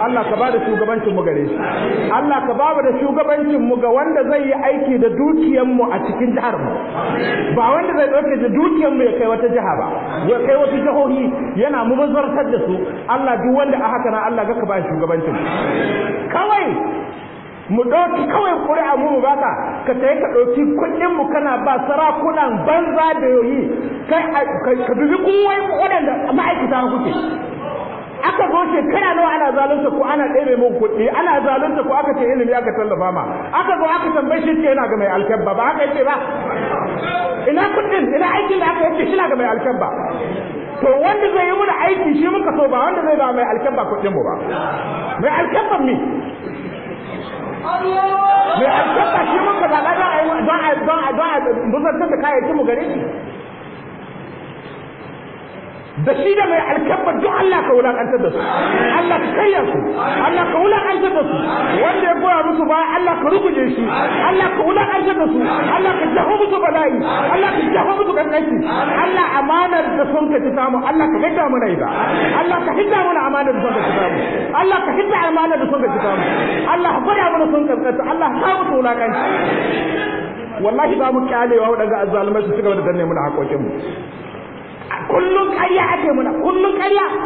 Allah ka bada shugabancin mu gare shi Allah ka ba da shugabancin mu ga wanda zai yi aiki da dukiyar mu a cikin jihar mu ba wanda zai dauke da dukiyar mu ya kai wata jiha ba ya kai wata jihohi yana mubazartar da su Allah duk wanda a haka nan Allah ga ka ba shugabancin mu kawai mu ɗauki kawai ƙuri'a mu baka ka tayi ka dauki kuɗin mu kana ba sarakunan banza da yoyi kai ka dubi kuwai waɗanda ma'aikata kuke aka zo shekara nawa ana zalunta ko ana ɗebe mun kuɗi ana zalunta ko aka ce ilimi aka tallafa ma aka zo aka tambaye shi yana ga mai alkabba ba haka ce ba ina kuɗin ina aikin da aka yake shi na ga mai alkabba to wanda zai yi mana aiki shi muka so ba wanda zai ba mai alkabba kuɗin mu ba mai alkabba mi mai alkabba shi muka zaɓa don a don a don a busar da kayayyakin mu gare shi da shi da mai alkabba duk Allah ka wulakantar da su Allah ka karya su Allah ka wulakantar da su wanda ya goya musu ba Allah ka rubuje shi Allah ka wulakantar da su Allah ka jaho musu bala'i Allah ka jaho musu kankanci Allah amanar da son ka ci samu Allah ka hidda mana ita Allah ka hidda mana amanar da son ka ci samu Allah ka hidda amanar da son ka ci samu Allah ka gwada mana son kankanta Allah ka kawo musu wulakanci wallahi ba mu kyalewa waɗanda azzalumai su cigaba da danne mana haƙoƙinmu ko ƙarya ake muna kullum ƙarya